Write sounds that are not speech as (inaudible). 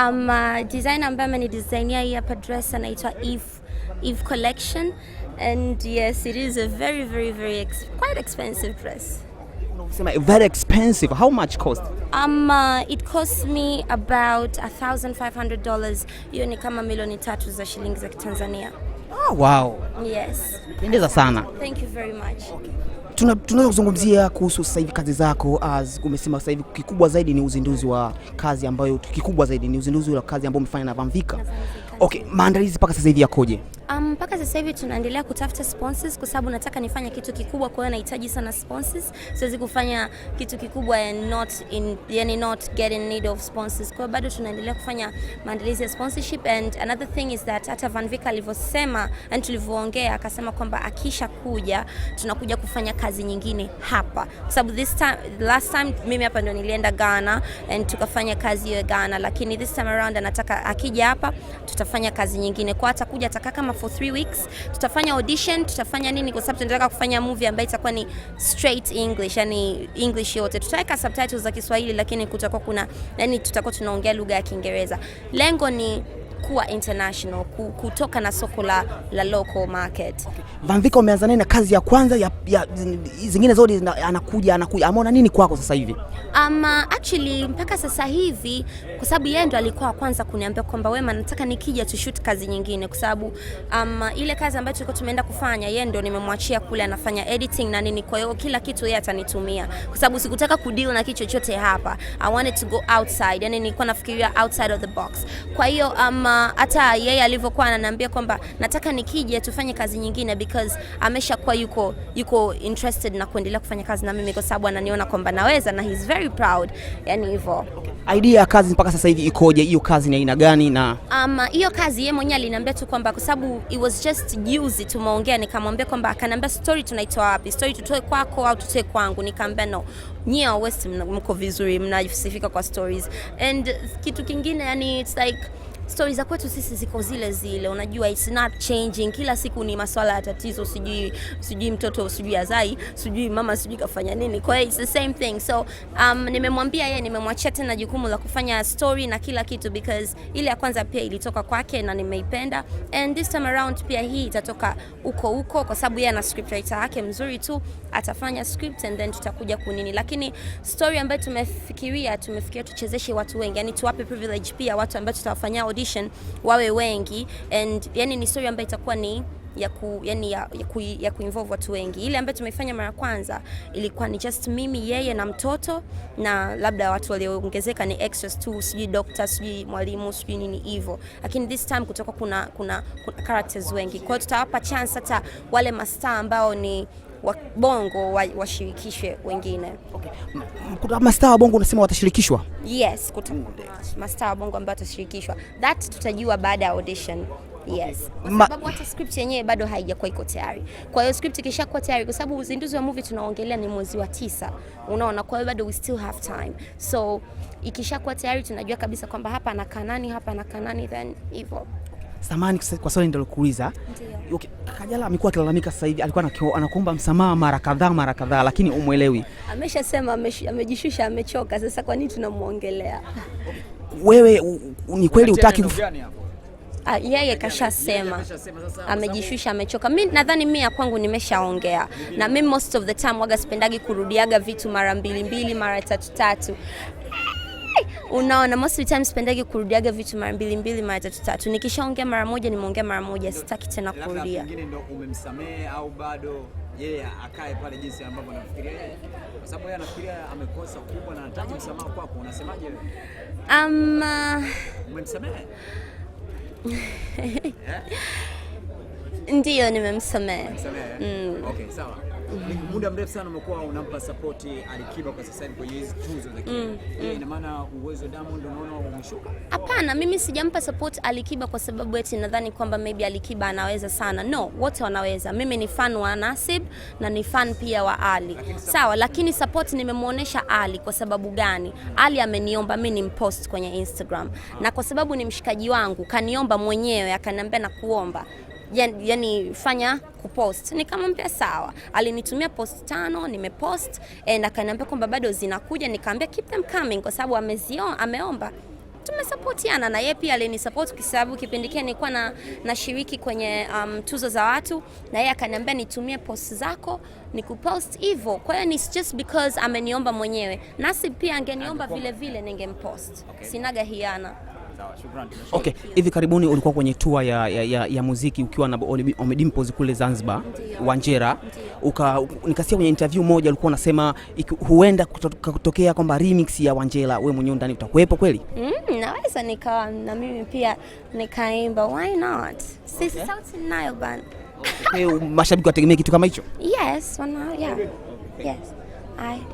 ama design ambaye amenidesignia hii hapa dress anaitwa Eve Eve Collection and yes it is a very very very ex quite expensive dress. Sema very expensive. How much cost? Um, uh, it cost me about $1,500. Hiyo ni kama milioni tatu za shilingi za Kitanzania. Ah, wow. Yes. Pendeza sana. Thank you very much. Tunaweza kuzungumzia kuhusu sasa hivi kazi zako as umesema sasa hivi kikubwa zaidi ni uzinduzi wa kazi ambayo kikubwa zaidi ni uzinduzi wa kazi ambayo umefanya na vamvika Okay, maandalizi mpaka sasa hivi yakoje? sasa hivi tunaendelea kutafuta sponsors kwa sababu nataka nifanye kitu kikubwa, kwa hiyo nahitaji sana sponsors. Siwezi kufanya kitu kikubwa and not in yani not get in need of sponsors. Kwa hiyo bado tunaendelea kufanya maandalizi ya sponsorship and another thing is that hata Van Vika alivyosema and tulivyoongea, akasema kwamba akisha kuja tunakuja kufanya kazi nyingine hapa, kwa sababu this time last time mimi hapa ndo nilienda Ghana and tukafanya kazi ya Ghana, lakini this time around anataka akija hapa tutafanya kazi nyingine. Kwa atakuja atakaa kama for three weeks mix. Tutafanya audition, tutafanya nini kwa sababu tunataka kufanya movie ambayo itakuwa ni straight English, yani English yote. Tutaweka subtitles za Kiswahili lakini kutakuwa kuna yani tutakuwa tunaongea lugha ya Kiingereza. Lengo ni kuwa international, kutoka na soko la, la local market. Okay. Vanvika umeanza nini na kazi ya kwanza ya, ya zingine zote anakuja anakuja ameona nini kwako sasa hivi? Um, actually mpaka sasa hivi kwa sababu yeye ndo alikuwa wa kwanza kuniambia kwamba Wema, nataka nikija tu shoot kazi nyingine kwa sababu um, ile kazi ambayo tulikuwa tumeenda kufanya yeye ndo nimemwachia kule anafanya editing na nini, kwa hiyo kila kitu yeye atanitumia kwa sababu sikutaka kudeal na kitu chochote hapa. I wanted to go outside. Yani nilikuwa nafikiria outside of the box. Kwa hiyo um, kama hata yeye alivyokuwa ananiambia kwamba nataka nikija tufanye kazi nyingine because ameshakuwa yuko yuko interested na kuendelea kufanya kazi na mimi kwa sababu ananiona kwamba naweza na he's very proud, yani hivyo. Okay. Idea ya kazi mpaka sasa hivi ikoje? Hiyo kazi ni aina gani? na um, hiyo kazi yeye mwenyewe aliniambia tu kwamba kwa sababu it was just juzi tumeongea, nikamwambia kwamba akaniambia story tunaitoa wapi? Story tutoe kwako au tutoe kwangu? Nikamwambia no, nyewe West mko vizuri, mnajisifika kwa stories and kitu kingine yani it's like stori za kwetu sisi ziko zile zile, unajua it's not changing. Kila siku ni maswala ya tatizo, sijui sijui mtoto sijui azai sijui mama sijui kafanya nini, kwa hiyo it's the same thing. So um, nimemwambia yeye, nimemwachia tena jukumu la kufanya story na kila kitu, because ile ya kwanza pia ilitoka kwake na nimeipenda, and this time around pia hii itatoka uko uko, kwa sababu yeye ana script writer yake mzuri tu, atafanya script and then tutakuja kunini, lakini story ambayo tumefikiria, tumefikiria tuchezeshe watu wengi, yani tuwape privilege pia watu ambao tutawafanyia audition wawe wengi and yani ni story ambayo itakuwa ni ya ku, yani ya, ya, ku, ya kuinvolve watu wengi. Ile ambayo tumeifanya mara kwanza ilikuwa ni just mimi yeye na mtoto na labda watu walioongezeka ni extras tu, sijui doctor, sijui mwalimu, sijui nini hivyo, lakini this time kutoka kuna, kuna, kuna characters wengi, kwa hiyo tutawapa chance hata wale mastaa ambao ni wa bongo washirikishwe wa wengine. Okay. mastaa wa bongo unasema watashirikishwa? Yes, kuna mastaa wa bongo ambao watashirikishwa, that tutajua baada ya audition. Yes. Kwa sababu hata script yenyewe bado haijakuwa iko tayari. Kwa hiyo script ikishakuwa tayari kwa sababu uzinduzi wa movie tunaongelea ni mwezi wa tisa. Unaona, kwa hiyo bado we still have time. So ikishakuwa tayari tunajua kabisa kwamba hapa na kanani hapa na kanani then hivyo. Samani kwa swali ndio nilikuuliza okay. Kajala amekuwa akilalamika sasa hivi, alikuwa anakuomba msamaha mara kadhaa mara kadhaa, lakini umwelewi. Ameshasema amejishusha, amechoka. Sasa kwa nini tunamwongelea? Wewe ni kweli utaki ah, yeye kashasema amejishusha, amechoka. Mi nadhani mi ya kwangu nimeshaongea, na mi most of the time waga sipendagi kurudiaga vitu mara mbili mbili mara tatu tatu hey! unaona, most of the time sipendagi kurudiaga vitu mara mbili mbili mara tatu tatu. Nikishaongea mara moja, nimeongea mara moja, sitaki tena kurudia. Pengine ndo umemsamehe au bado yeye yeah, akae pale jinsi ambavyo anafikiria yeye, kwa sababu yeye anafikiria amekosa kubwa na anataka msamaha kwako. Unasemaje wewe? Um, uh... umemsamehe? (laughs) Ndiyo, nimemsamehe. Eh? Mm. Okay, sawa mm. muda mrefu sana umekuwa unampa support Alikiba kwa sasa hivi kwenye hizo tuzo za Kenya. Mm. mm. Ina maana uwezo Diamond unaona umeshuka? Hapana, mimi sijampa support Alikiba kwa sababu eti nadhani kwamba maybe Alikiba anaweza sana. No, wote wanaweza. Mimi ni fan wa Nasib na ni fan pia wa Ali. Lakini sawa, lakini support nimemuonesha Ali kwa sababu gani? Ali ameniomba mimi nimpost kwenye Instagram. Ah. Na kwa sababu ni mshikaji wangu kaniomba mwenyewe akaniambia kuomba yani fanya kupost. Nikamwambia sawa, alinitumia post tano, nimepost e, na kaniambia kwamba bado zinakuja. nikamwambia keep them coming kwa sababu amezio ameomba tumesapotiana na yeye pia alinisupport kwa sababu kipindi kile nilikuwa na nashiriki kwenye um, tuzo za watu, na yeye akaniambia nitumie post zako nikupost hivyo. Kwa hiyo ni just because ameniomba mwenyewe, nasi pia angeniomba vile vile ningempost. Okay. Sinaga hiana. Okay, hivi karibuni ulikuwa kwenye tour ya, ya, ya, ya muziki ukiwa na Omidimpoz kule Zanzibar Wanjera, nikasikia kwenye interview moja ulikuwa unasema huenda kutokea kwamba remix ya Wanjera wewe mwenyewe ndani utakuwepo kweli? Mm, naweza nikawa na mimi pia nikaimba, why not? Sisi Sauti Mashabiki wategemea kitu kama hicho? Yes, wana yeah. Yes.